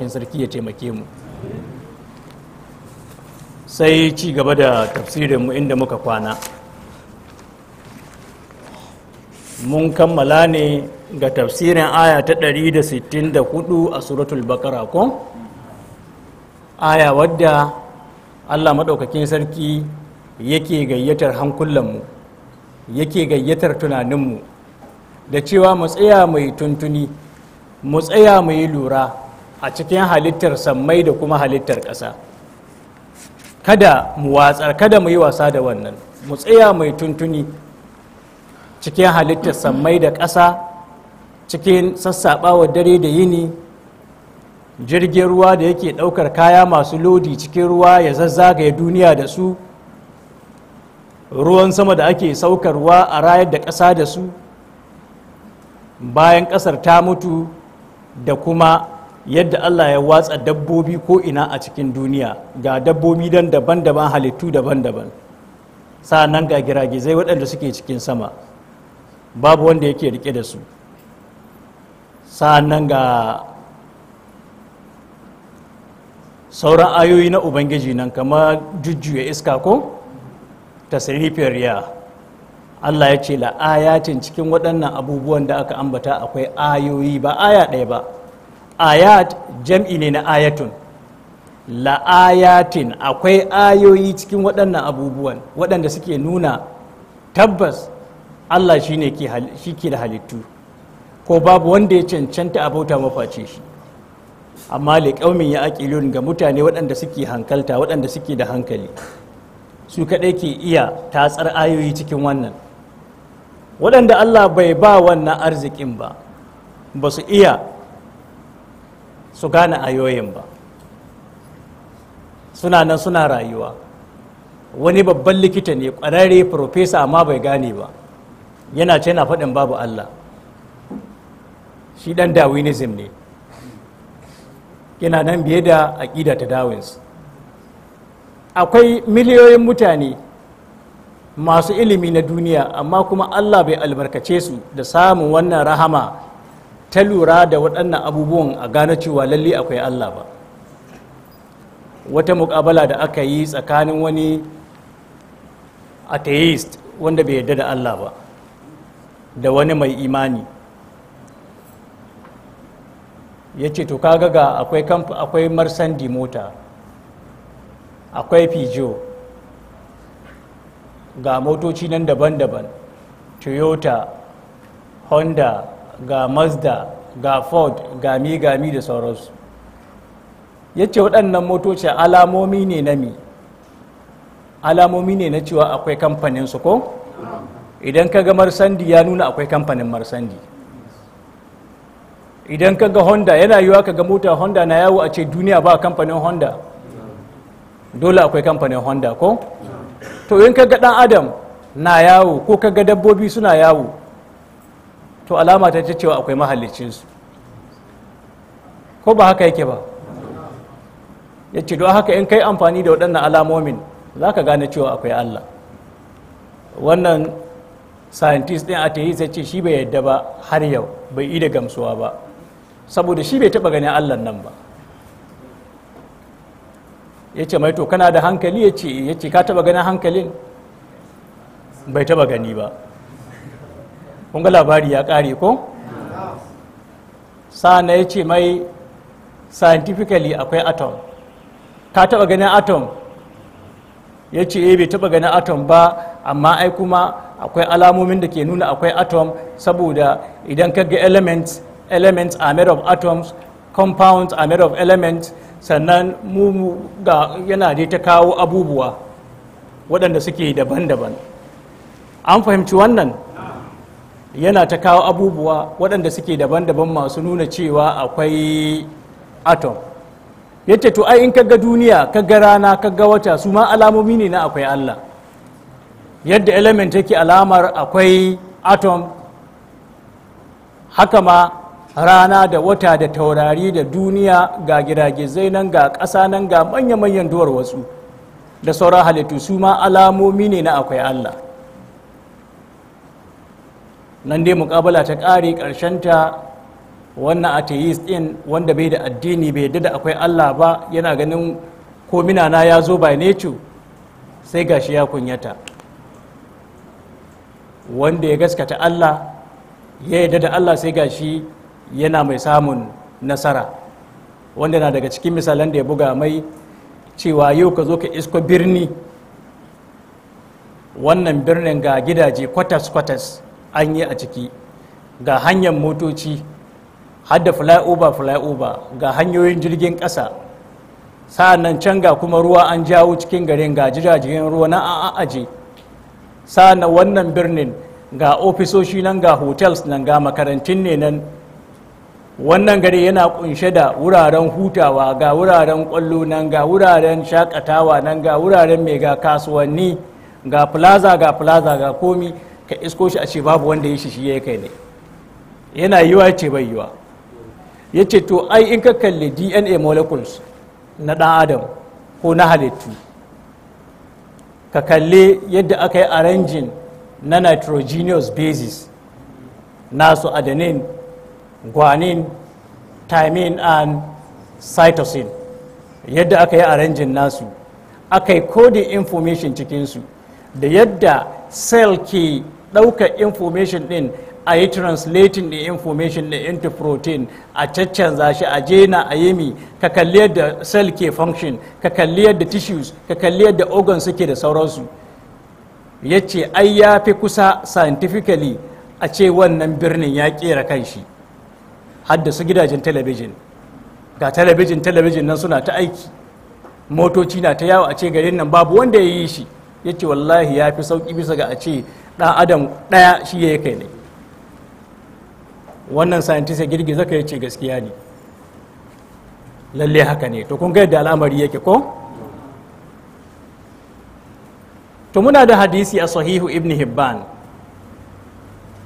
maɗaukakin sarki ya taimake mu sai ci gaba da tafsirin tafsirinmu inda muka kwana mun kammala ne ga tafsirin aya ta 164 a suratul bakara ko aya wadda allah maɗaukakin sarki yake gayyatar hankulanmu yake gayyatar tunaninmu da cewa mu tsaya mai tuntuni mu tsaya mai lura a cikin halittar sammai da kuma halittar ƙasa kada mu watsar kada mu yi wasa da wannan mu tsaya mai tuntuni cikin halittar sammai da ƙasa cikin sassaɓawa dare da yini jirgin ruwa da yake ɗaukar kaya masu lodi cikin ruwa ya zazzagaya duniya da su ruwan sama da ake saukarwa a rayar da ƙasa da su bayan ƙasar ta mutu da kuma yadda Allah ya watsa dabbobi ko ina a cikin duniya ga dabbobi dan daban-daban halittu daban-daban nan ga giragizai waɗanda suke cikin sama babu wanda yake rike da su nan ga sauran ayoyi na ubangiji nan kamar jujjuya iska ko tasirifiyar riya Allah ya ce la'ayatin cikin waɗannan abubuwan da aka ambata akwai ayoyi ba aya ɗaya ba ayat jam'i ne na ayatun la'ayatin akwai ayoyi cikin waɗannan abubuwan waɗanda suke nuna tabbas allah shi shi ke da halittu ko babu wanda ya cancanta a bauta maface shi amma liƙaumin ya aƙilun ga mutane waɗanda suke hankalta waɗanda suke da hankali su kaɗai ke iya tatsar ayoyi cikin wannan waɗanda allah bai ba wannan arzikin ba ba su iya su gane ayoyin ba suna nan suna rayuwa wani babban likita ne kwararre profesa amma bai gane ba yana ce na faɗin babu allah shi ɗan darwinism ne yana nan biye da aƙida ta dawins akwai miliyoyin mutane masu ilimi na duniya amma kuma allah bai albarkace su da samun wannan rahama ta lura da waɗannan abubuwan a gane cewa lalle akwai Allah ba wata mukabala da aka yi tsakanin wani atheist wanda bai yarda da Allah ba da wani mai imani ya ce to kaga ga akwai akwai marsandi mota akwai pijo ga motoci nan daban-daban toyota honda ga mazda ga ford gami gami da sauransu ya ce waɗannan motoci alamomi ne na mi alamomi ne na cewa akwai kamfanin su ko idan ka ga marsandi ya nuna akwai kamfanin marsandi idan ka ga honda yana yiwa ka ga mota honda na yawo a ce duniya ba kamfanin honda dole akwai kamfanin honda ko to in ka ga dan adam na yawo ko ka ga dabbobi suna yawo to alama ta ce cewa akwai mahalicinsu ko ba haka yake ba ya ce don haka in kai amfani da waɗannan alamomin za ka gane cewa akwai allah wannan scientist ɗin atheist ya ce shi bai yadda ba har yau bai yi da gamsuwa ba saboda shi bai taɓa ganin allah nan ba ya ce mai to kana da hankali ya ce eh. ka taɓa ganin hankalin bai taɓa gani ba kun ga labari ya ƙare ko sa'ana ya ce mai scientifically akwai atom ka taɓa ganin atom ya ce eh, bai taɓa ganin atom ba amma ai kuma akwai alamomin da ke nuna akwai atom saboda idan ka ga elements elements are made of atoms compounds are made of elements sannan mu ga yana dai ta kawo abubuwa waɗanda suke daban-daban an fahimci wannan yana ta kawo abubuwa waɗanda suke daban-daban masu nuna cewa akwai atom yadda to ai in kaga duniya kaga rana kaga wata su ma alamomi ne na akwai allah yadda element yake alamar akwai atom haka ma rana da wata da taurari da duniya ga giragizai nan ga ƙasa nan ga manya-manyan duwar wasu da sauran halittu su ma alamomi ne na akwai allah nan dai mukabala ta ƙare ta wannan atheist ɗin wanda bai da addini bai yadda da akwai allah ba yana ganin ko minana ya zo by nature sai gashi ya kunyata wanda ya gaskata allah ya yadda da allah sai gashi yana mai samun nasara wanda na daga cikin misalan da ya buga mai cewa yau ka zo ka isko birni wannan birnin ga gidaje kwatas-kwatas an yi a ciki ga hanyar motoci har da flyover flyover ga hanyoyin jirgin ƙasa sa'annan can ga kuma ruwa an jawo cikin garin ga jiragen ruwa na aje sa'annan wannan birnin ga ofisoshi nan ga hotels nan ga makarantun ne nan wannan gari yana kunshe da wuraren hutawa ga wuraren kwallo nan ga wuraren shakatawa nan ga wuraren mai kasuwanni ga plaza ga plaza ga komi ka isko shi a ce babu wanda ya shi shi ya kai ne yana yiwa ce bai yiwa ya ce to ai in ka kalli dna molecules na dan adam ko na halittu ka kalli yadda aka yi arrangin na nitrogenous bases nasu adenine guanine thymine and cytosine yadda aka yi arrangin nasu aka yi coding information cikinsu da yadda cell ke ɗaukar information ɗin a yi translating the information ɗin into protein a caccanza shi a jena a yemi ka kalli yadda cell ke function ka kalli yadda tissues ka kalli yadda organs suke da sauransu ya ce ai ya fi kusa scientifically a ce wannan birnin ya kera kanshi haddasa gidajen talabijin ga talabijin talabijin nan suna ta aiki motoci na ta yawo a ce garin nan babu wanda ya yi shi ya ce wallahi ya fi sauki bisa ga a ce ɗan adam ɗaya shi ya kai ne wannan scientist ya girgiza ka ya ce gaskiya ne lalle haka ne to kun ga yadda al'amari yake ko to muna da hadisi a sahihu ibn hibban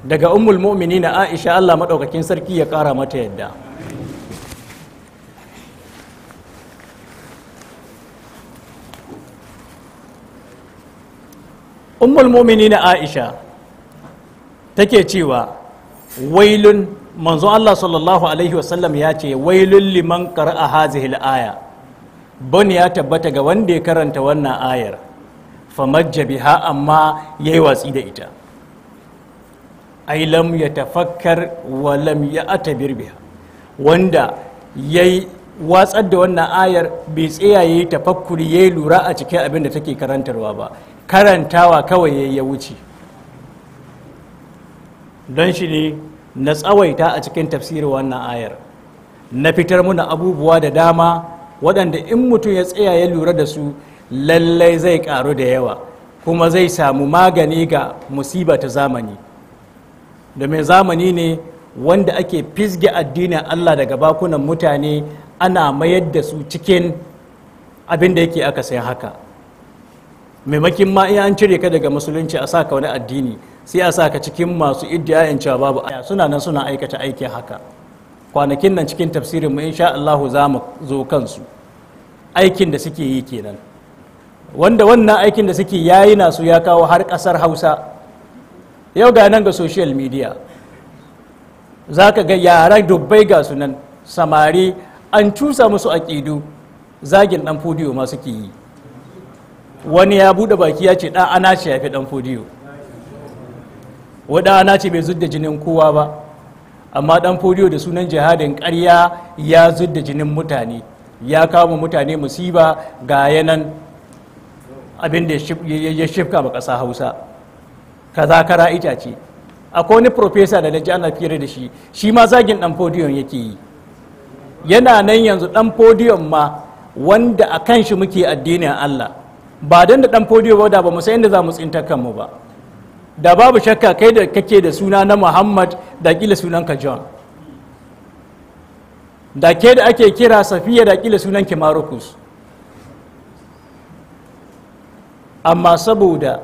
daga ummul na aisha Allah madaukakin sarki ya kara mata yadda ummul na aisha take cewa wailun manzo Allah sallallahu alaihi wasallam ya ce wailun liman qara'a al aya ban ya tabbata ga wanda ya karanta wannan ayar famajja biha amma yayi watsi da ita ai lam ya wa lam ya biha wanda yayi watsar da wannan ayar bai tsaya yayi tafakkuri yayi lura a cikin abin da take karantarwa ba karantawa kawai ya wuce don shi ne na tsawaita a cikin tafsirin wannan ayar na fitar muna abubuwa da dama waɗanda in mutum ya tsaya ya lura da su lallai zai ƙaru da yawa kuma zai samu magani ga musiba ta zamani da mai zamani ne wanda ake fisge addinin allah daga bakunan mutane ana mayar da su cikin abin da yake aka sai haka maimakin ma iya an cire ka daga musulunci a saka wani addini sai a saka cikin masu iddiyayin cewa babu aya suna nan suna aikata aiki haka kwanakin nan cikin tafsirin mu insha Allah za mu zo kansu aikin da suke yi kenan wanda wannan aikin da suke yayi na su ya kawo har kasar Hausa yau ga nan ga social media zaka ka ga yaran dubbai ga sunan samari an cusa musu aƙidu zagin ɗan fudiyo ma suke yi wani ya bude baki ya ce ɗan ana ce ya fi ɗan fodiyo wadda ana ce bai zudda jinin kowa ba amma ɗan fodiyo da sunan jihadin karya ya zudda jinin mutane ya kama mutane musiba ga yanan abin da ya shifka ma ƙasa hausa kazakara ita ce akwai wani profesa da ji ana fira da shi shi ma zagin ɗan fodiyon yake yi yana nan yanzu ɗan fodiyon ma wanda a kan shi muke addinin allah ba don da dan fodiyo ba da ba mu inda za mu tsinta kanmu ba da babu shakka kai da kake da suna na Muhammad da kila sunanka John da ke da ake kira safiya da kila sunanki Marukus amma saboda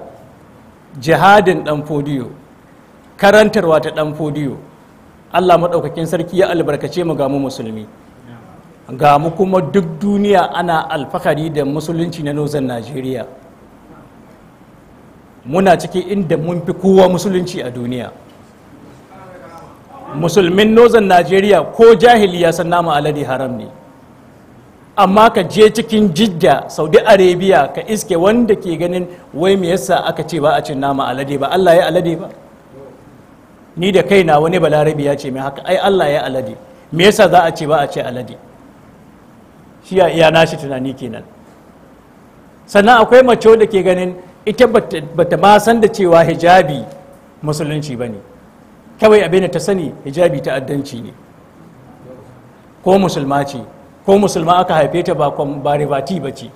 jihadin dan fodiyo karantarwa ta dan fodiyo Allah maɗaukakin sarki ya albarkace mu ga mu musulmi ga mu kuma duk duniya ana alfahari da musulunci na nozan najeriya muna ciki inda mun fi kowa musulunci a duniya musulmin nozan najeriya ko jahili ya san nama alade haram ne amma ka je cikin jidda saudi arabia ka iske wanda ke ganin wai me yasa aka ce ba a cin nama alade ba allah ya alade ba ni da kaina wani balarabi ya ce mai haka ai allah ya alade me yasa za a ce ba a ce alade shi a iya nashi tunani kenan sannan akwai mace da ke ganin ita bata ba san da cewa hijabi musulunci ba ne kawai abin ta sani hijabi ta'addanci ne ko musulma ce ko musulma aka haife ta ba ribati ba ce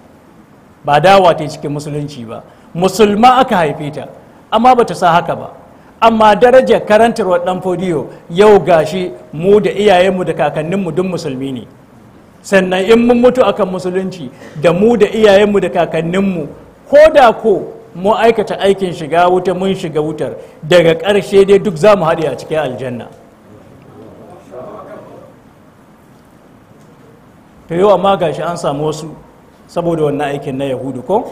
ba dawa ta cikin musulunci ba musulma aka haife ta amma bata sa haka ba amma daraja karantarwar dan fodiyo yau gashi mu da iyayenmu da kakanninmu duk musulmi ne sannan in mun mutu akan musulunci da mu da iyayenmu da kakanninmu ko da ko mu aikata aikin shiga wuta mun shiga wutar daga karshe dai duk za mu haɗe a cikin aljanna to yau amma gashi an samu wasu saboda wannan aikin na yahudu ko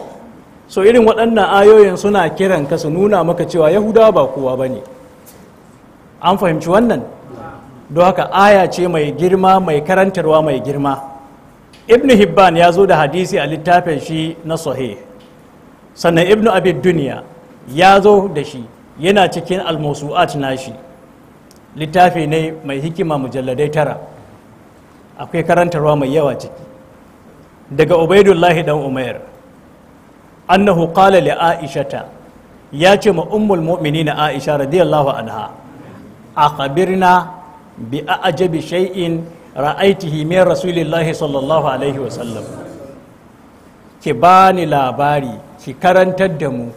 so irin waɗannan ayoyin suna kiran ka su nuna maka cewa yahudawa ba kowa ba ne an fahimci wannan don haka aya ce mai girma mai karantarwa mai girma ibn hibban ya zo da hadisi a littafin shi na sahih sannan ibn abid duniya ya zo da shi yana cikin almosu'at shi littafi ne mai hikima mujalladai tara akwai karantarwa mai yawa ciki daga ubaidullahi dan umair annahu qala li aishata ya ce ma ummul mu'minina aisha radiyallahu anha a kabirna bi a'jabi shay'in ra'aitihi min rasulillahi sallallahu alaihi wasallam ki bani labari ki karantar da mu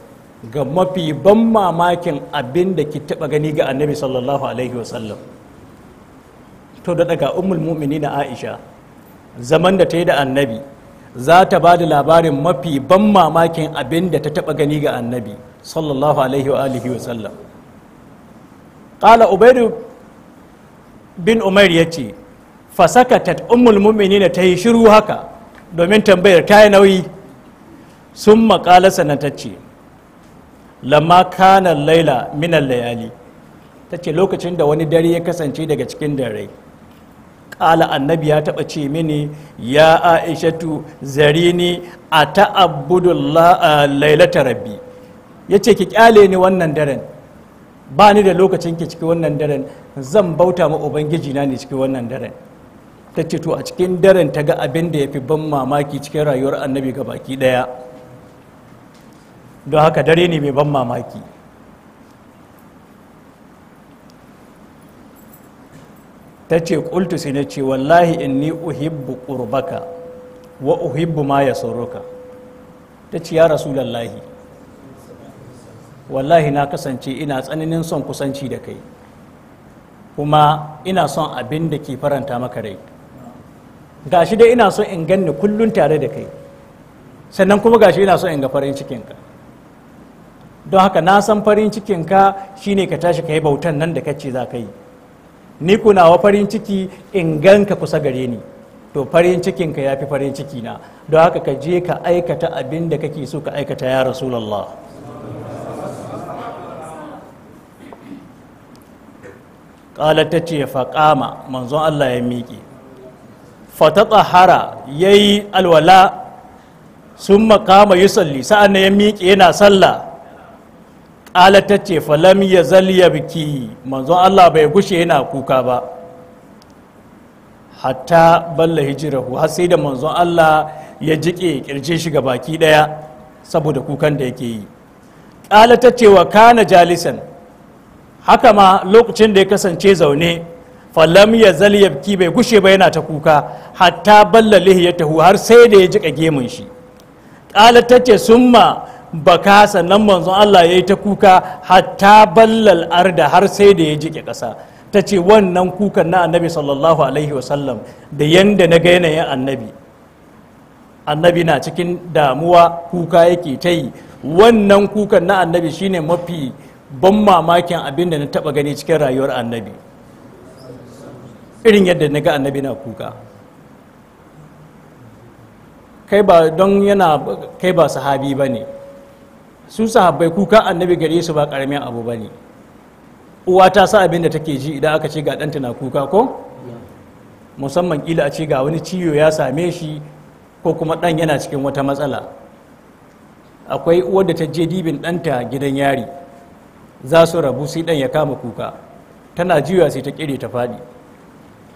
ga mafi ban mamakin abin da ki taba gani ga annabi sallallahu alaihi wasallam to da daga ummul mu'mini na aisha zaman da ta yi da annabi za ta ba da labarin mafi ban mamakin abin da ta taba gani ga annabi sallallahu alaihi wa alihi wasallam qala ubaidu bin umar ya ce fasakatat ummul mu'minin ta yi shiru haka domin tambayar ta yi nauyi sun makala ce lamma kana laila minan layali ta ce lokacin da wani dare ya kasance daga cikin dare ƙala annabi ya taɓa ce mini ya aishatu zarini a ta'abudullah lailata rabbi ya ce ki ƙyale ni wannan daren ba ni da lokacin ki cikin wannan daren zan bauta ma ubangiji na ne cikin wannan daren ta ce to a cikin daren ta ga abin da ya fi ban mamaki cikin rayuwar annabi ga baki daya don haka dare ne mai ban mamaki ta ce kultu sai na ce wallahi in inni uhibbu qurbaka wa uhibbu ma ya yasuruka ta ce ya rasulallahi wallahi na kasance ina tsananin son kusanci da kai kuma ina son abin da ke faranta maka rai gashi dai ina son in ganni kullun tare da kai sannan kuma gashi ina son in ga farin cikinka don haka na san farin cikinka shine ka tashi ka yi bautan nan da kace za ka yi ni kunawa farin ciki in ganka kusa gare ni to farin cikinka ya fi farin ciki na don haka ka je ka aikata abin da kake so ka aikata ya rasulallah ƙala ta ce faƙama manzon allah ya miƙe fata tsahara ya yi alwala sun makama yi salli sa'an ya miƙe yana sallah ƙala ta ce falam ya zalya biki manzon allah bai gushe yana kuka ba hatta balla hijirahu har sai da manzon allah ya jiƙe ƙirje shi ga baki ɗaya saboda kukan da yake yi ƙala ta ce wa kana jalisan haka ma lokacin da ya kasance zaune falam ya zali ki bai gushe ba yana ta kuka hatta balla tahu har sai da ya jika gemun shi ta ce tace summa baka sannan manzon Allah ya yi ta kuka hatta ballal arda har sai da ya jike ta ce wannan kukan na annabi sallallahu alaihi wasallam da yanda na ga yanayin annabi annabi na cikin damuwa kuka yake ta yi wannan kukan na annabi shine mafi ban mamakin abin da na taba gani cikin rayuwar annabi irin yadda na ga annabi na kuka kai ba don yana kai ba sahabi ba ne su sahabbai kuka annabi gare su ba karamin abu ba ne uwa ta sa abin da take ji idan aka ce ga ɗanta na kuka ko musamman kila a ce ga wani ciwo ya same shi ko kuma ɗan yana cikin wata matsala akwai uwar da ta je dibin ɗanta gidan yari za su rabu sai ɗan ya kama kuka tana juya sai ta kire ta faɗi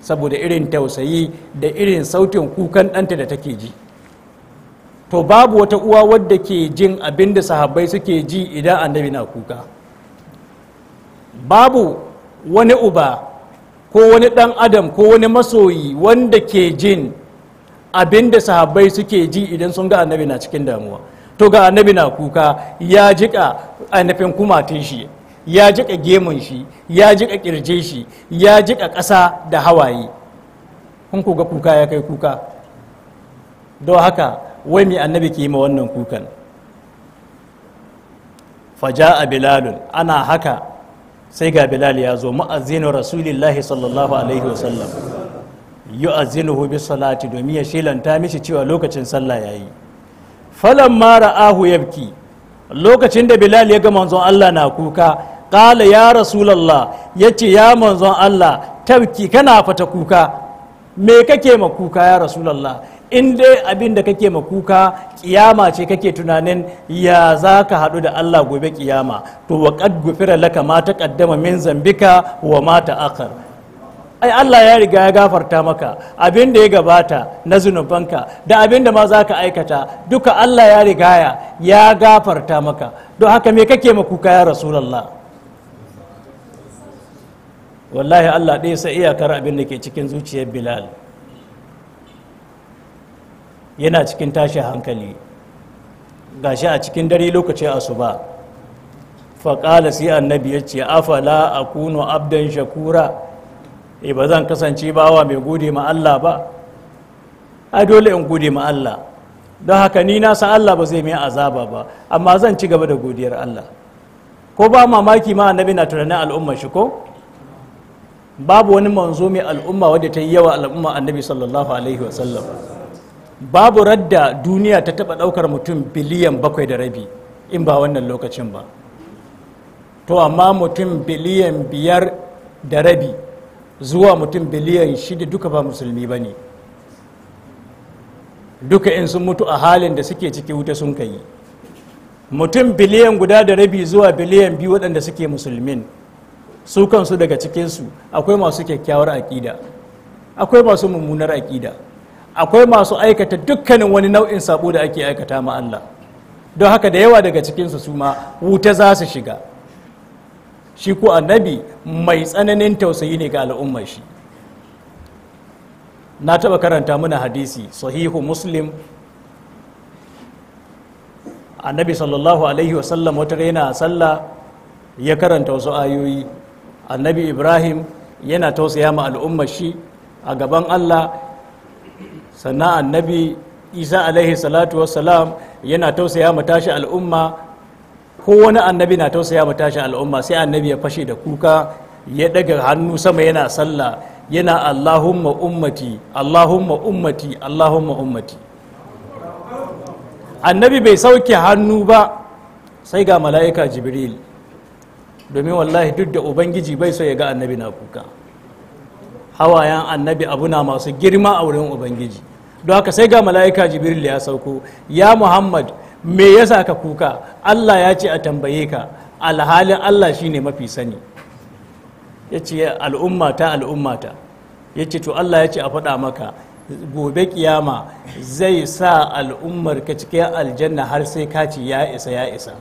saboda irin tausayi da irin sautin kukan ɗanta da take ji to babu wata uwa wadda ke jin abin da sahabbai suke ji idan annabi na kuka babu wani uba ko wani ɗan adam ko wani masoyi wanda ke jin abin da sahabbai suke ji idan sun ga annabi na cikin damuwa to ga annabi na kuka ya jika ainihin kumatun shi ya jika gemun shi ya jika kirje shi ya jika ƙasa da hawaye kun ku ga kuka ya kai kuka don haka wai mai annabi ke yi ma wannan kukan Faja a bilalun ana haka sai ga bilal ya zo ma'azinu rasulillahi sallallahu alaihi wasallam yu'azzinuhu bi salati domin ya shilanta mishi cewa lokacin sallah ya yi falon mara ahu yabki lokacin da bilal ya ga manzon Allah na kuka ƙala ya rasulallah ya ce ya manzon Allah tabki kana fata kuka me kake ma kuka ya rasulallah in dai abin da kake ma kuka kiyama ce kake tunanin ya za ka haɗu da Allah gobe kiyama to wa qad gufira laka ma taqaddama min zambika wa mata akar ai Allah ya riga ya gafarta maka abin da ya gabata na zunubanka da abin da ma za ka aikata duka Allah ya riga ya gafarta maka don haka me kake ma kuka ya rasulallah wallahi Allah ɗaya sai iyakar abin da ke cikin zuciyar bilal yana cikin tashin hankali gashi a cikin dare lokacin asuba faƙala sai annabi ya ce afala akunu abdan shakura e ba zan kasance bawa mai gode ma Allah ba ai dole in gode ma Allah don haka ni na san Allah ba zai mai azaba ba amma zan ci gaba da godiyar Allah ko ba mamaki ma annabi na tunanin al'umma shi ko babu wani manzo mai al'umma wadda ta yi yawa al'umma annabi sallallahu alaihi wa sallam babu radda duniya ta taba daukar mutum biliyan bakwai da rabi in ba wannan lokacin ba to amma mutum biliyan biyar da rabi zuwa mutum biliyan shida duka ba musulmi ba ne duka in sun mutu a halin da suke ciki wuta sun kai mutum biliyan guda da rabi zuwa biliyan biyu waɗanda suke musulmin su kansu daga cikinsu akwai masu kyakkyawar aƙida akwai masu mummunar aƙida akwai masu aikata dukkanin wani nau'in sabo da ake aikata ma Allah don haka da yawa daga cikinsu su ma wuta za su shiga shi ko annabi mai tsananin tausayi ne ga al'ummar shi na taba karanta mana hadisi sahihu muslim annabi sallallahu alaihi wasallam wata raina a sallah ya karanta wasu ayoyi annabi ibrahim yana tausaya ma al'ummar shi a gaban allah sannan annabi isa alaihi salatu wasalam yana tausaya ma tashi al'umma ko wani annabi na tausaya ma tashin al'umma sai annabi ya fashe da kuka ya daga hannu sama yana sallah yana allahumma ummati allahumma ummati allahumma ummati annabi bai sauke hannu ba sai ga mala'ika jibril domin wallahi duk da ubangiji bai so ya ga annabi na kuka hawayen annabi abu na masu girma a wurin ubangiji don haka sai ga mala'ika jibril ya sauko ya muhammad me yasa ka kuka Allah ya ce a tambaye ka alhalin Allah shine mafi sani ya ce al'ummata al'ummata ya ce to Allah ya ce a faɗa maka gobe kiyama zai sa al'ummar ka cikin aljanna har sai ka ce ya isa ya isa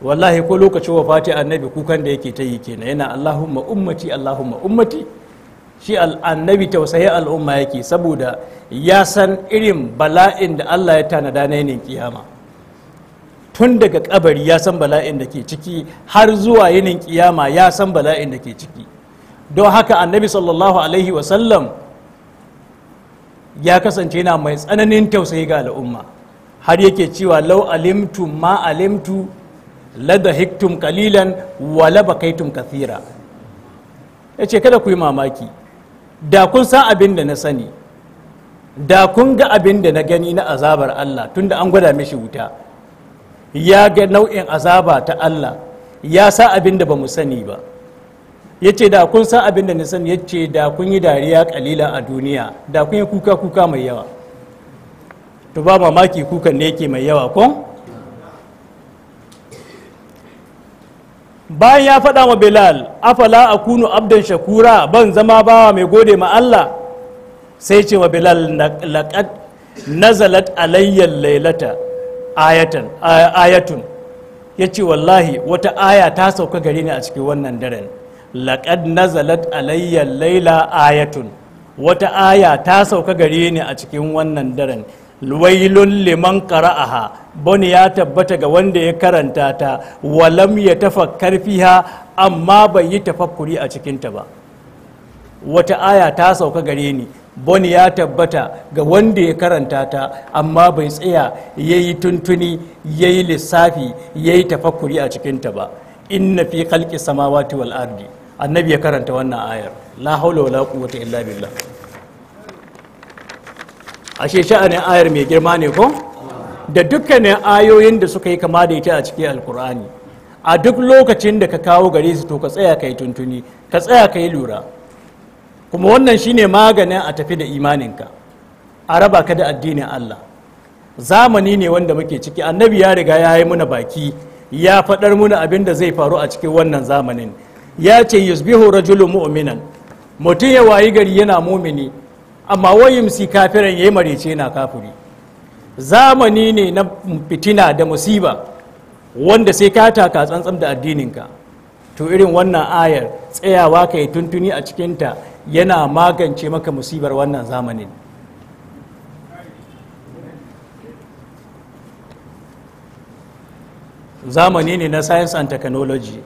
wallahi ko lokacin wa fati annabi kukan da yake ta yi kenan yana allahumma ummati allahumma ummati shi annabi tausayi al'umma yake saboda ya san irin bala'in da Allah ya tanada na yanayin kiyama tun daga kabari ya san bala'in da ke ciki har zuwa yinin kiyama ya san bala'in da ke ciki don haka annabi sallallahu alaihi wasallam ya kasance yana mai tsananin tausayi ga al'umma har yake cewa lau alimtu ma alimtu lada hiktum kalilan wala bakaitum kathira ya ce kada ku yi mamaki da kun san abin da na sani da kun ga abin da na gani na azabar Allah tunda an gwada mishi wuta ya ga nau'in azaba ta Allah ya sa abin da ba mu sani ba ya ce da kun san abin da na sani ya ce da kun yi dariya kalila a duniya da kun yi kuka kuka mai yawa to ba mamaki kukan ne yake mai yawa kun. bayan ya faɗa wa bilal afala a kunu abdan shakura ban zama bawa mai gode ma Allah sai ce wa bilal laqad nazalat alayyar lailata ayatun ayatun ce wallahi wata aya ta sauka gare ni a cikin wannan daren na nazalat alayyar laila ayatun wata aya ta sauka gare ni a cikin wannan daren wailun liman qara'aha bani ya tabbata ga wanda ya karanta ta walam ya tafakkar fiha amma bai yi tafakkuri a cikinta ba wata aya ta sauka gare ni boni ya tabbata ga wanda ya karanta ta amma bai tsaya ya yi tuntuni ya yi lissafi ya yi tafakkuri a cikinta ba inna fi khalqi samawati wal ardi annabi ya karanta wannan ayar la haula wala quwwata illa billah ashe sha'anin ayar mai girma ne ko da dukkanin ayoyin da suka yi kama da ita a cikin alkur'ani a duk lokacin da ka kawo gare su to ka tsaya ka yi tuntuni ka tsaya ka yi lura kuma wannan shine maganin a tafi da imaninka a raba ka da addinin allah zamani ne wanda muke ciki annabi ya riga ya yi muna baki ya faɗar muna abin da zai faru a cikin wannan zamanin ya ce yusbihu rajulu mu'minan mutum ya wayi gari yana mumini amma wayimsi kafiran ya yi marece na kafiri zamani ne na fitina da musiba wanda sai ka taka tsantsam da addininka to irin wannan ayar tsayawa ka yi tuntuni a cikinta yana magance maka musibar wannan zamanin zamani ne na science and technology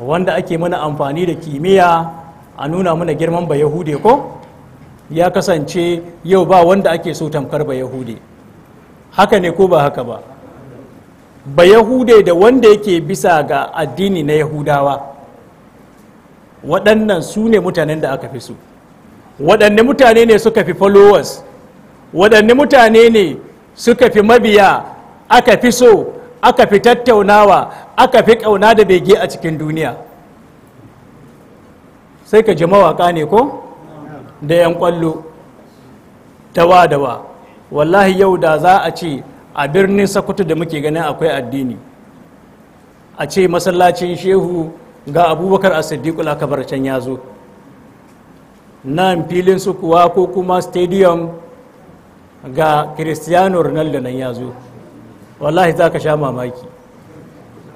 wanda ake mana amfani da kimiyya a nuna mana girman ba yahude ko ya kasance yau ba wanda ake so tamkar ba yahude haka ne ko ba haka ba ba yahude da wanda yake bisa ga addini na yahudawa waɗannan su ne mutanen da aka fi su waɗanne mutane ne suka fi followers waɗanne mutane ne suka fi mabiya aka fi so aka fi tattaunawa aka fi ƙauna da bege a cikin duniya sai ka ji mawaƙa ne ko da 'yan kwallo ta wadawa wallahi yau da za a ce a birnin sakutu da muke ganin akwai addini a ce masallacin shehu ga abubakar a siddiqul akabar can ya zo nan filin su kuwa ko kuma stadium ga cristiano ronaldo nan ya zo wallahi za ka sha mamaki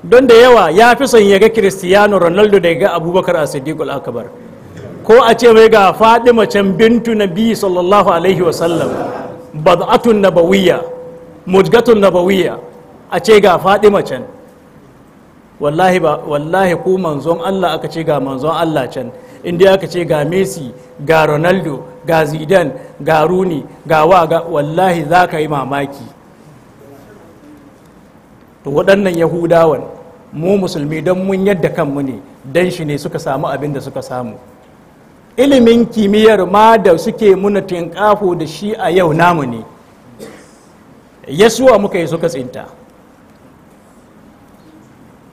don da yawa ya fi son ya ga cristiano ronaldo da ya ga abubakar a siddiqul akabar ko a ce mai ga fadima can bintu nabi sallallahu alaihi wasallam bad'atun nabawiyya mujgatun nabawiyya a ce ga fadima can wallahi ba wallahi ku manzon Allah aka ce ga manzon Allah can inda aka ce ga Messi ga Ronaldo ga Zidane ga Rooney ga wa ga wallahi za ka yi mamaki to waɗannan yahudawan mu musulmi don mun yadda kanmu ne dan shi ne suka samu abin da suka samu ilimin kimiyyar ma da suke muna tinkafo da shi a yau namu ne yasuwa muka yi suka tsinta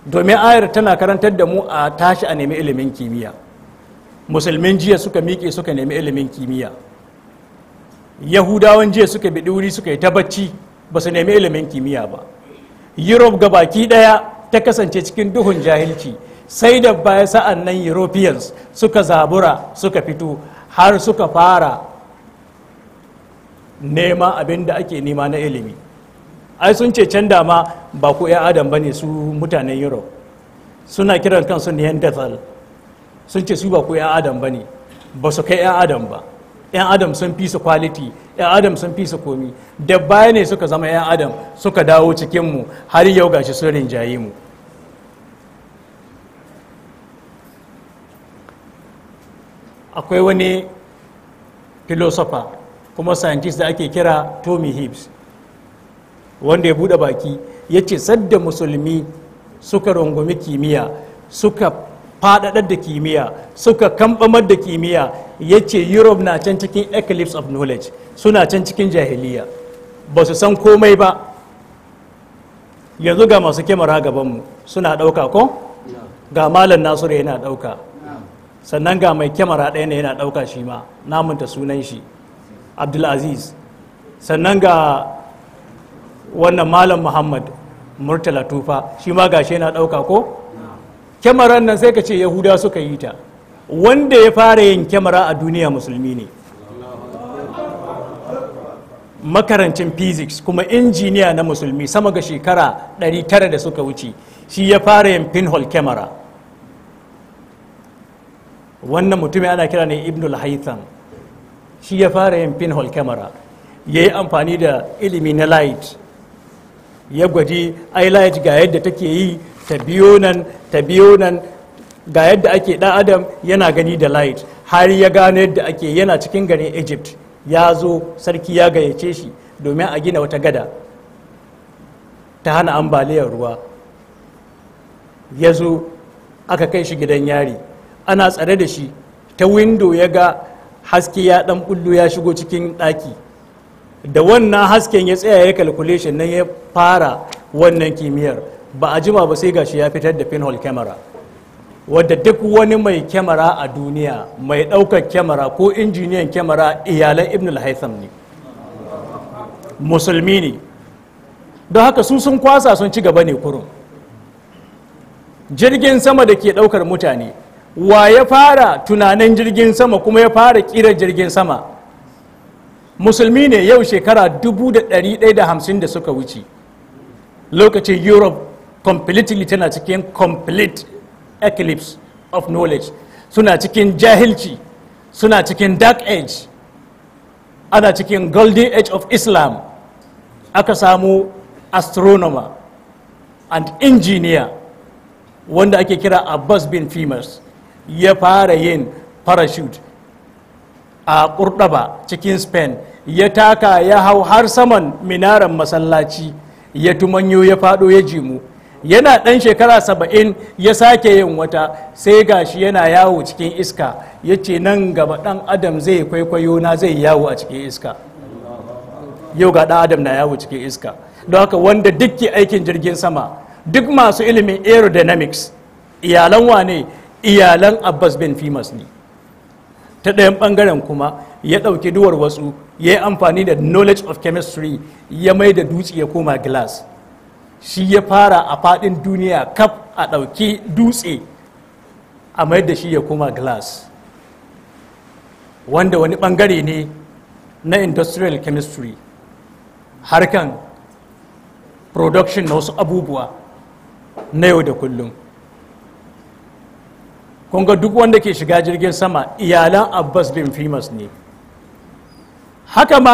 domin ayar tana karantar da mu a tashi a nemi ilimin kimiyya musulmin jiya suka miƙe suka nemi ilimin kimiyya yahudawan jiya suka bi wuri suka yi ta bacci ba su nemi ilimin kimiyya ba europe ga baki ɗaya ta kasance cikin duhun jahilci sai da baya sa'an nan europeans suka zabura suka fito har suka fara nema abin da ake nema na ilimi ai sun ce can dama ba ku 'yan adam ba ne su mutanen europe suna kiran kansu neanderthal sun ce su ba ku 'yan adam ba ne ba su kai 'yan adam ba 'yan adam sun fi su quality 'yan adam sun fi su komi da baya ne suka zama 'yan adam suka dawo cikinmu har yau gashi sun rinjaye mu akwai wani philosopher kuma scientist da ake kira tommy hibbs wanda ya bude baki ya ce sadda musulmi suka rungumi kimiyya suka faɗaɗar da kimiyya suka kamɓamar da kimiyya ya ce europe na can cikin eclipse of knowledge suna can cikin jahiliya ba su san komai ba yanzu ga masu kyamara gabanmu suna ɗauka ko ga malam nasiru yana ɗauka sannan ga mai kyamara ɗaya ne yana ɗauka shi ma namunta sunan shi abdulaziz sannan ga wannan malam muhammad murtala tufa shi ma gashi yana ɗauka ko kyamaran nan sai ka ce yahuda suka yi ta wanda ya fara yin kyamara a duniya musulmi ne makarancin physics kuma injiniya na musulmi sama ga shekara 900 da suka wuce shi ya fara yin pinhole kyamara wannan mutumin ana kira ne ibn al-haytham shi ya fara yin pinhole camera ya yi amfani da ilimi na light ya gwaji ai light ga yadda take yi ta biyo nan ta biyo nan ga yadda ake dan adam yana gani da light har ya gano yadda ake yana cikin garin egypt ya zo sarki ya gayyace shi domin a gina wata gada ta hana ambaliyar ruwa ya zo aka kai shi gidan yari ana tsare da shi ta windo ya ga haske ya dan kullu ya shigo cikin ɗaki da wannan hasken ya tsaya ya calculation nan ya fara wannan kimiyyar ba a jima ba sai gashi ya fitar da pinhole camera wadda duk wani mai kyamara a duniya mai ɗaukar kyamara ko injiniyan kyamara iyalan ibn al-haytham ne musulmi ne don haka su sun kwasa sun ci gaba ne kurum jirgin sama da ke ɗaukar mutane wa ya fara tunanin jirgin sama kuma ya fara kira jirgin sama musulmi ne yau shekara 1150 da suka wuce lokacin europe completely tana cikin complete eclipse of knowledge suna cikin jahilci suna cikin dark age ana cikin golden age of islam aka samu astronomer and engineer wanda ake kira abbas bin femurs ya fara yin parachute a kurdaba cikin spain ya taka ya hau har saman minaran masallaci ya tumanyo ya fado ya jimu yana ɗan shekara saba'in ya sake yin wata sai gashi yana yawo cikin iska ya ce nan gaba ɗan adam zai kwaikwayo na zai yawo a cikin iska yau ga ɗan adam na yawo cikin iska don haka wanda dukki aikin jirgin sama duk masu ilimin aerodynamics iyalan wane iyalan abbas bin fimas ne ta ɗayan ɓangaren kuma ya ɗauki duwar wasu ya yi amfani da knowledge of chemistry ya mai da dutse ya koma glass shi ya fara a faɗin duniya kaf a ɗauki dutse a mai da shi ya koma glass wanda wani ɓangare ne na industrial chemistry harkan production na wasu abubuwa na yau da kullum kun ga duk wanda ke shiga jirgin sama iyalan abbas bin fimas ne haka ma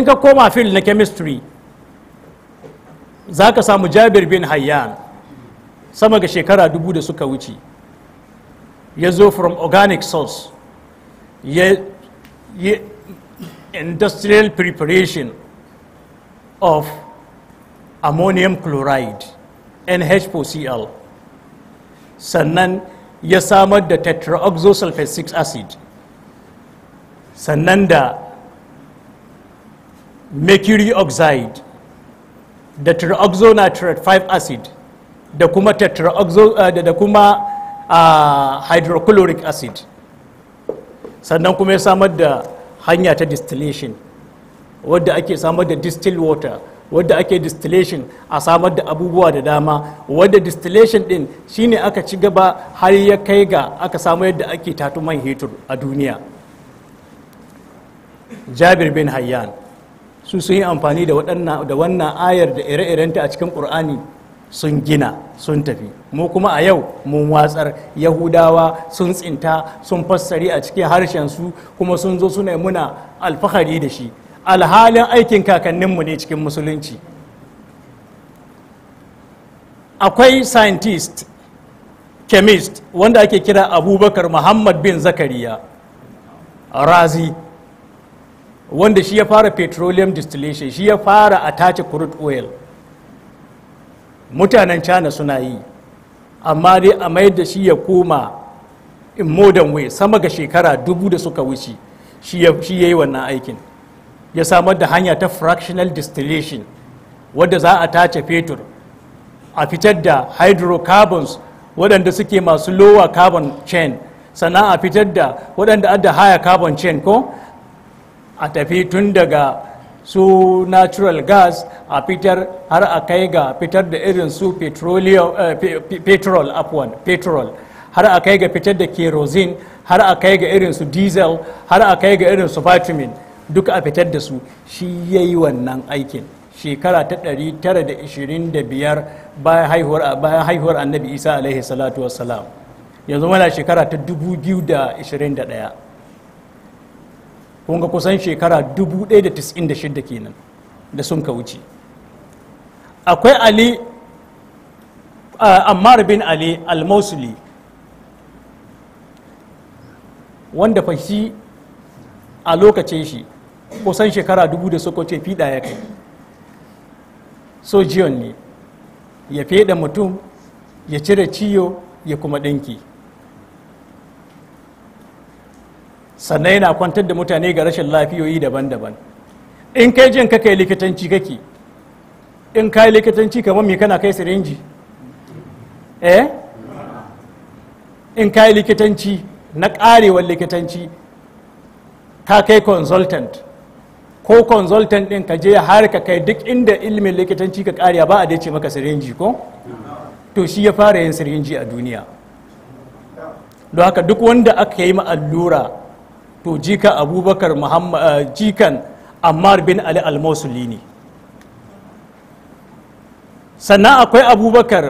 in ka koma fil na chemistry za ka samu jabir bin hayyan sama ga shekara dubu da suka wuce ya zo from organic source ya yi industrial preparation of ammonium chloride nhpcl sannan ya samar da tetraoxosulfate 6 acid sannan da mercury oxide da trioxonitrate 5 acid da kuma eh, da kuma ah, hydrochloric acid sannan kuma ya samar da hanya ta distillation wadda ake samar da distilled water wadda ake distillation a samar da abubuwa da dama wadda distillation din shine aka ci gaba har ya kai ga aka samu yadda ake tatu man hetur a duniya jabir bin hayyan su sun yi amfani da wannan ayar da ire-irenta a cikin ƙur'ani sun gina sun tafi mu kuma a yau mun watsar yahudawa sun tsinta sun fassari a cikin harshen su kuma sun zo suna muna alfahari da shi alhalin aikin kakanninmu ne cikin musulunci akwai scientist chemist wanda ake kira abubakar muhammad bin zakariya razi wanda shi ya fara petroleum distillation shi ya fara a tace crude oil mutanen china suna yi amma dai a mayar da shi ya koma in modern way sama ga shekara dubu da suka wuce shi ya yi wannan aikin ya samar da hanya ta fractional distillation wadda za a tace fetur a fitar da hydrocarbons waɗanda suke masu lower carbon chain sannan a fitar da waɗanda adda higher carbon chain ko a tafi tun daga su natural gas a fitar har a kai ga fitar da irin su eh, petrol upward petrol har a kai ga fitar da kerosene har a kai ga irin su diesel har a kai ga irin su vitamin duka a fitar da su shi ya yi wannan aikin shekara ta 925 bayan haihuwar annabi isa alaihi salatu wassalam yanzu mana shekara ta 2021 kunga kusan shekara 1096 kenan da sun ka wuce akwai ali ammar bin ali al-mausuli wanda fashi a lokacin shi kusan shekara dubu da suka ce fiɗa ya kai sojiyon ne ya feɗa mutum ya cire ciyo ya kuma ɗinki sannan yana kwantar da mutane ga rashin lafiyoyi daban-daban in kai jin ka kai likitanci kake in kai likitanci kamar me kana kai sirinji eh in kai likitanci na ƙarewar likitanci ka kai consultant ko consultant din ka je har ka kai duk inda ilimin likitanci ka kariya ba a dace maka sirinji ko to shi ya fara yin sirinji a duniya don haka duk wanda aka yi allura to jika abubakar muhammad eh, jikan ammar bin ali al-mausuli ne sannan akwai abubakar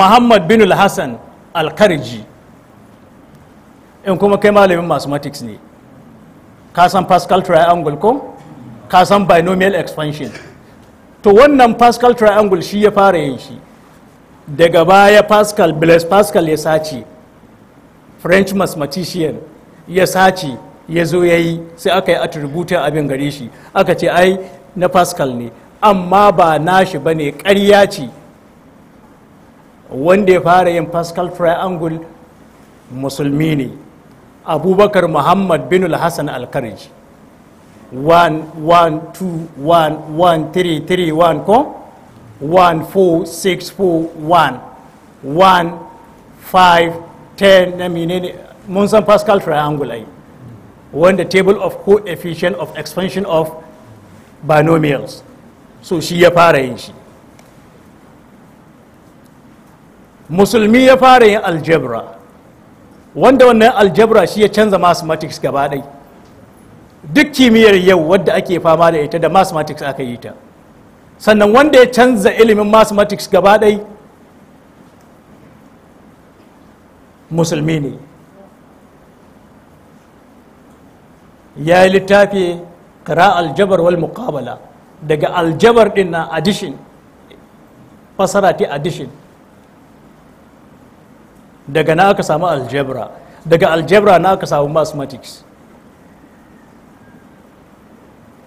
muhammad bin al-hassan al-karji in kuma kai malamin mathematics ne ka san pascal triangle ko ka san binomial expansion to wannan pascal triangle shi ya fara yin shi daga baya pascal blaise pascal ya sace french mathematician ya sace ya zo ya yi sai aka yi attributin abin gare shi aka ce ai na pascal ne amma ba nashi ba ne ƙarya ce wanda ya fara yin pascal triangle musulmi ne abubakar muhammad bin hassan alkarji 1 1 2 1 1 1 ko 1 4 6 4 1 1 5 10 na menene mun san pascal triangle ai wanda table of coefficient of expansion of binomials so shi ya fara yin shi musulmi ya fara yin algebra wanda wannan algebra shi ya canza mathematics gaba ɗaya duk kimiyyar yau wadda ake fama da ita da mathematics aka yi ta sannan wanda ya canza ilimin mathematics gaba ɗai musulmi ne ya yi littafi kara aljabar wal muqabala daga aljabar din na addition fasara ta addition daga na aka samu aljabra daga aljabra na aka samu mathematics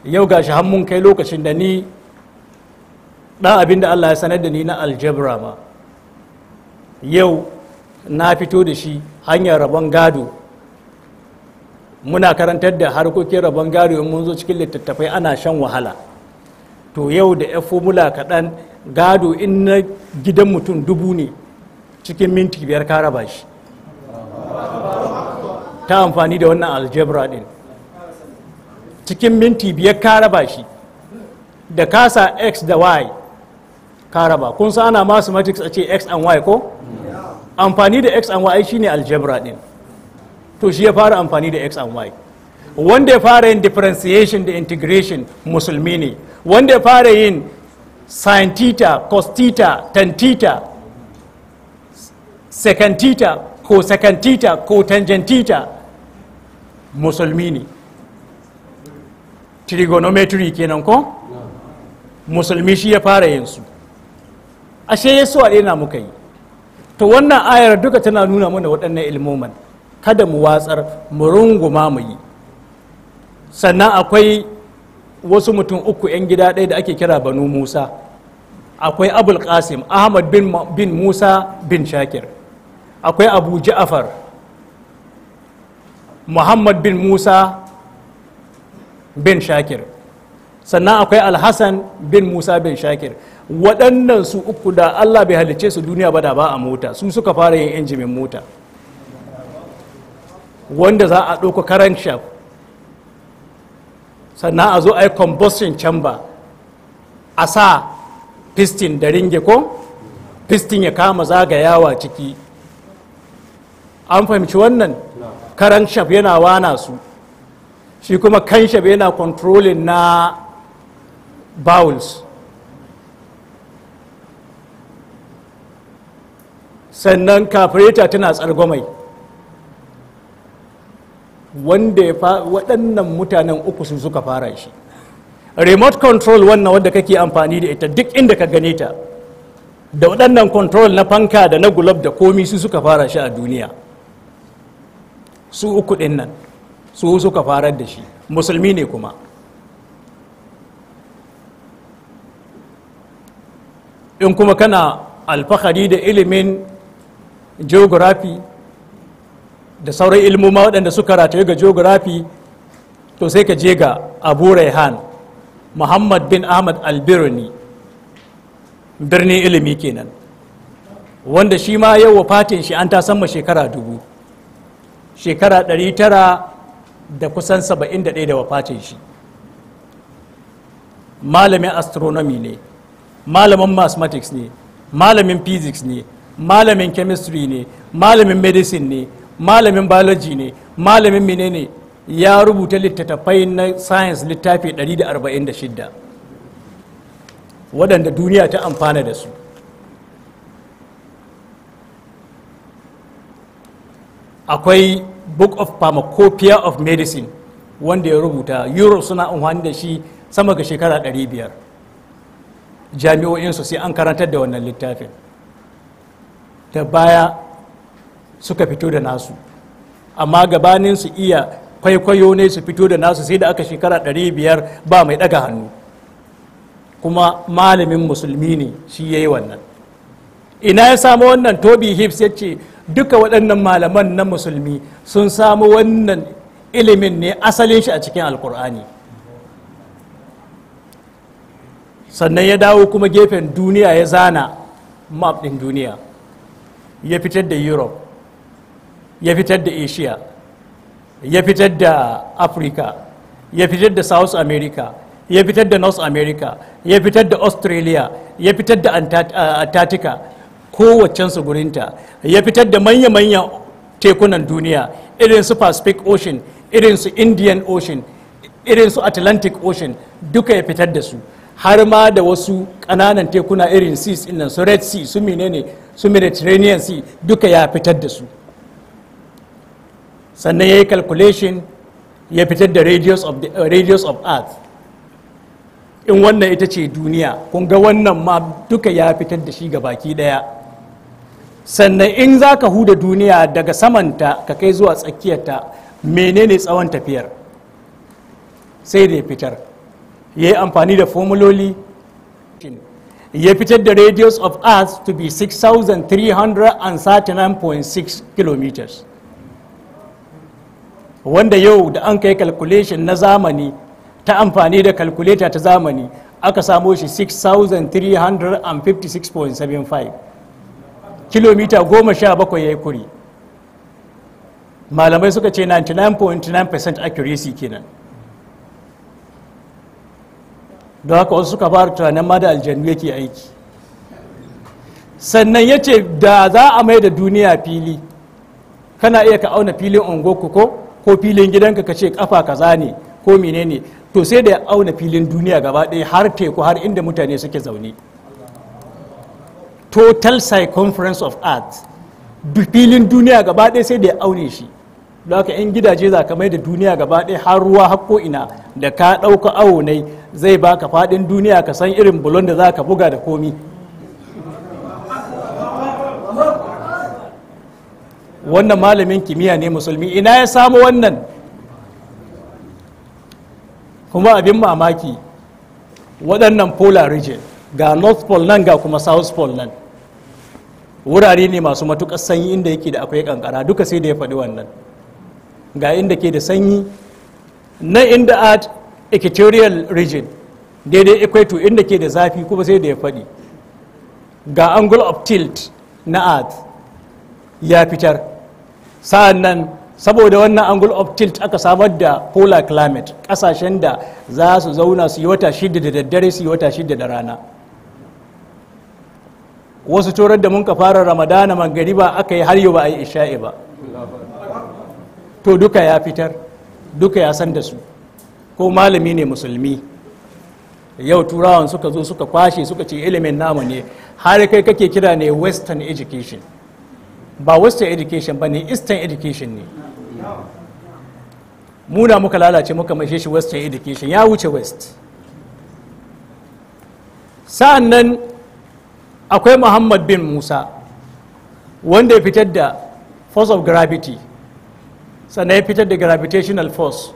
yau gashi har mun kai lokacin da ni ɗan abin da Allah ya sanar da ni na aljabra ma yau na fito da shi hanyar rabon gado muna karantar da harkokin rabon gado in mun zo cikin littattafai ana shan wahala to yau da 'yan fomula kaɗan gado in na gidan mutum dubu ne cikin minti biyar ka raba shi ta amfani da wannan aljabra ɗin cikin minti biyar karaba raba shi da kasa x da y ka raba kun sa ana mathematics a ce x and y ko amfani da x and y shine algebra din to shi ya fara amfani da x and y wanda ya fara yin differentiation da integration musulmi ne wanda ya fara yin sin theta cos theta tan ko secant ko tangent musulmi ne trigonometry kenan ko musulmi shi ya fara yin su ashe ya a na muka yi to wannan ayar duka tana nuna mana waɗannan ilmoman kada mu watsar mu runguma mu yi sannan akwai wasu mutum uku 'yan gida ɗaya da ake kira banu musa akwai abul qasim ahmad bin, bin musa bin shakir akwai abu ja'afar muhammad bin musa bin shakir sannan akwai alhassan bin musa bin shakir waɗannan su uku da allah bai halicce su duniya ba da ba a mota su suka fara yin injimin mota wanda za a ɗauka current shaf sannan a zo a yi combustion chamber a sa fistin da ringe ko piston ya kama zagayawa ciki an fahimci wannan current shaf yana wana su shi kuma kanshab yana kontrolin na bowels sannan kafireta tana tsargomai wanda ya waɗannan mutanen uku sun suka fara shi remote control wannan wadda kake amfani da ita duk inda ka gane ta da waɗannan control na fanka da na gulab da komi su suka fara shi a duniya su uku ɗin nan su suka farar da shi musulmi ne kuma in kuma kana alfahari da ilimin geography da sauran ilmuma waɗanda suka rataye ga geography to sai ka je ga abu raihan muhammad bin ahmad albirni birnin ilimi kenan wanda shi ma yau fatin shi an ta sama shekara dubu shekara tara. da kusan 71 da wafatin shi malamin astronomy ne malamin mathematics ne malamin physics ne malamin chemistry ne malamin medicine ne malamin biology ne malamin menene ya rubuta littattafai na science littafi 146 waɗanda duniya ta amfana da su akwai book of pharmacopoeia of medicine wanda ya rubuta europe suna amfani da shi sama ga shekara 500 jami'o'insu sai an karantar da wannan littafin da baya suka fito da nasu amma gabanin su iya kwaikwayo ne su fito da nasu sai da aka shekara 500 ba mai daga hannu kuma malamin musulmi ne shi ya yi wannan ina ya samu wannan tobi hips ya ce duka waɗannan malaman na musulmi sun samu wannan ilimin ne asalin shi a cikin alkur'ani sannan ya dawo kuma gefen duniya ya zana map ɗin duniya ya fitar da europe ya fitar da asia ya fitar da africa ya fitar da south america ya fitar da north america ya fitar da australia ya fitar da antarctica kowaccensu gurinta ya fitar da manya manyan tekunan duniya irin su pacific ocean irin su indian ocean irin su atlantic ocean duka ya fitar da su har ma da wasu ƙananan tekuna irin seas nan su red sea su menene su mediterranean sea duka ya fitar da su sannan ya yi calculation ya fitar da radius of, the, uh, radius of earth in wannan ita ce duniya kun ga wannan ma duka ya fitar da shi ga baki daya sannan in za ka huda duniya daga samanta ka kai zuwa tsakiyarta menene tsawon tafiyar sai da ya fitar ya yi amfani da formuloli ya fitar da radius of earth to be 6,339.6 km wanda yau da an kai calculation na zamani ta amfani da calculator ta zamani aka samo shi 6,356.75 kilomita goma sha bakwai ya yi kuri malamai suka ce 99.9% accuracy kenan don haka wasu suka fara tunanin ma da aljannu yake aiki sannan ya ce da za a mai da duniya fili kana iya ka auna filin ungoku ko ko filin gidanka ka ce kafa kaza ne ko menene to sai da ya auna filin duniya gaba ɗaya har teku har inda mutane suke zaune total circumference of earth filin duniya gaba ɗaya sai da ya aune shi don haka in gidaje za ka mai da duniya gaba ɗaya har ruwa hako ina da ka ɗauka awo ne zai baka faɗin duniya ka san irin bulon da za ka buga da komi wannan malamin kimiyya ne musulmi ina ya samu wannan kuma abin mamaki waɗannan polar region ga north pole nan ga kuma south pole nan wurare ne masu matukar sanyi inda yake da akwai kankara duka sai da ya faɗi wannan ga inda ke da sanyi na inda at equatorial region daidai equator inda ke da zafi kuma sai da ya faɗi ga angle of tilt na earth ya fitar sa'an nan saboda wannan angle of tilt aka samar da polar climate kasashen da za su zauna su yi wata shida da daddare su yi wata shida da rana wasu turar da mun ka fara ramadana ba aka yi har yau ba a yi isha'i ba to duka ya fitar duka ya san da su ko malami ne musulmi yau turawan suka zo suka kwashe suka ce ilimin namu ne har kai kake kira ne western education ba western education ba ne eastern education ne muna muka lalace muka mashe shi western education ya wuce west sa'an nan akwai muhammad bin musa wanda ya fitar da force of gravity sannan ya fitar da gravitational force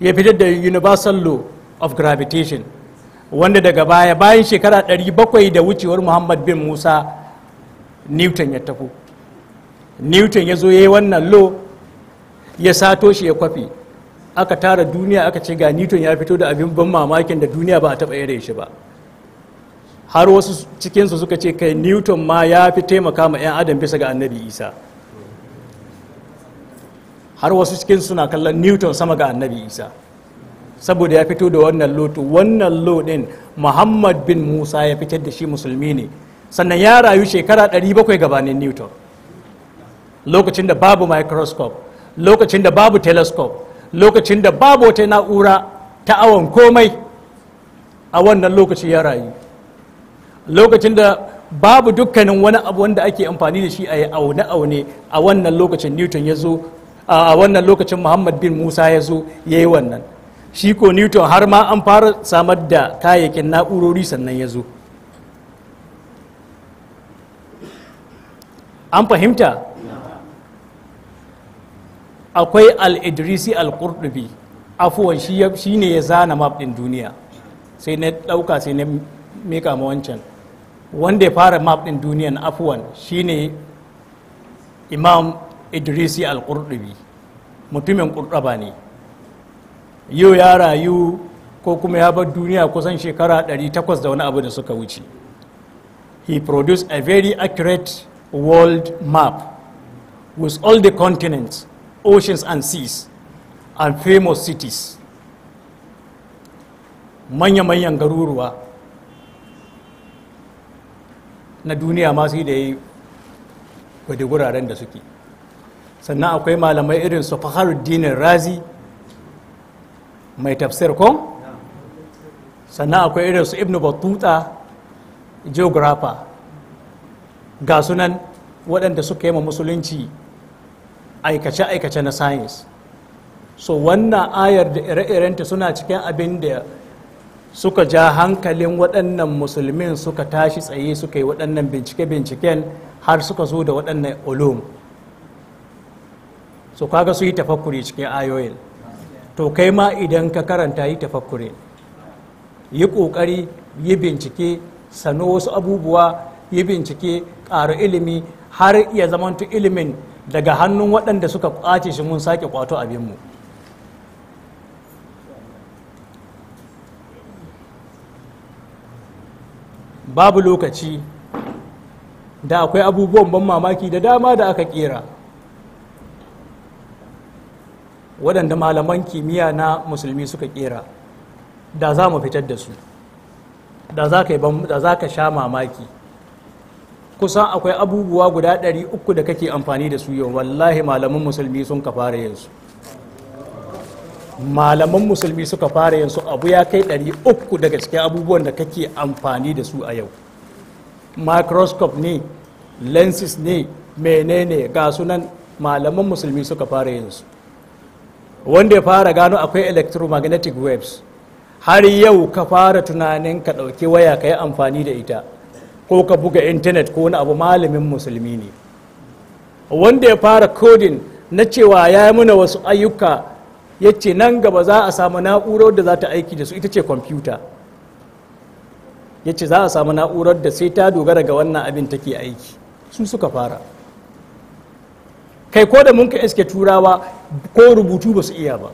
ya fitar da universal law of gravitation wanda daga baya bayan shekara 700 da wucewar muhammad bin musa newton ya tafi newton ya zo ya yi wannan law ya sato shi ya kwafi aka tara duniya aka ce ga newton ya fito da abin ban mamakin da duniya ba a taba yare shi ba har wasu cikinsu suka ce kai newton ma ya fi taimaka ma 'yan adam bisa ga annabi isa har wasu cikinsu suna kallon newton sama ga annabi isa saboda ya fito da wannan lotu wannan lodin muhammad bin musa ya fitar da shi musulmi ne sannan ya rayu shekara 700 gabanin newton lokacin da babu microscope lokacin da babu telescope lokacin da babu wata na'ura ta awon komai a wannan lokaci ya rayu lokacin da babu dukkanin wani abu wanda ake amfani da shi a yi aune-aune a wannan lokacin newton ya zo a wannan lokacin muhammad bin musa ya zo ya yi wannan shi ko newton har ma an fara samar da kayayyakin na'urori sannan ya zo an fahimta akwai al-idrisi al-qurdubi afuwan shi ne ya zana map din duniya sai na ɗauka sai na mika ma wanda ya fara map din duniyan afuwan shine imam idrisi al-qurdubi mutumin kurɗaba ne yau ya rayu ko kuma ya bar duniya kusan shekara 800 da wani abu da suka wuce he produced a very accurate world map with all the continents oceans and seas and famous cities manya-manyan garuruwa na duniya ma sai da ya gwada wuraren da suke sannan akwai malamai irin su faharuddinin razi mai tafsir ko sannan akwai irin su Ibn battuta geographer ga sunan waɗanda suka yi ma musulunci aikace-aikace na science so wannan ayar da ire-irenta suna cikin abin da suka ja hankalin waɗannan musulmin suka tashi tsaye suka yi waɗannan bincike-binciken har suka zo da waɗannan ulum so kaga su yi tafakkuri cikin ayoyin to kai ma idan ka karanta yi tafakkuri yi ƙoƙari yi bincike sano wasu abubuwa yi bincike ƙara ilimi har iya zamantu ilimin daga hannun waɗanda suka ƙwace shi mun sake ƙwato abinmu. mu babu lokaci da akwai abubuwan ban mamaki da dama da aka kera waɗanda malaman kimiyya na musulmi suka kera da za mu fitar da su da za ka sha mamaki kusan akwai abubuwa guda 300 da kake amfani da su yau wallahi malaman musulmi sun ka fara yanzu. malaman musulmi suka fara yin abu ya kai 300 daga cikin abubuwan da kake amfani da su a yau microscope ne lenses ne menene ga sunan malaman musulmi suka fara yin wanda ya fara gano akwai electromagnetic waves har yau ka fara tunanin ka ɗauki waya ka yi amfani da ita ko ka buga intanet ko wani abu malamin musulmi ne wanda ya fara coding na cewa ya yi mana wasu ayyuka ya ce nan gaba za a samu na'urar da za ta aiki da su ita ce kwamfuta ya ce za a samu na'urar da sai ta dogara ga wannan abin take aiki su suka fara kai ko da mun iske turawa ko rubutu ba su iya ba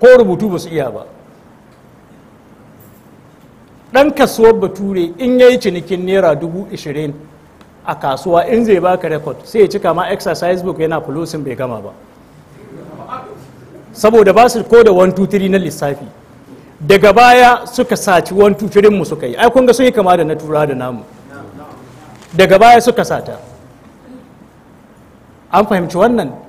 ko rubutu ba su iya ba ɗan kasuwar bature in ya yi cinikin naira dubu ashirin a kasuwa in zai baka rekod sai ya cika ma exercise book yana flossing bai gama ba saboda ba su ko da 123 na lissafi daga baya suka saci 123 mu suka yi ai kun ga sun yi kama da na tura da namu daga baya suka sata an fahimci wannan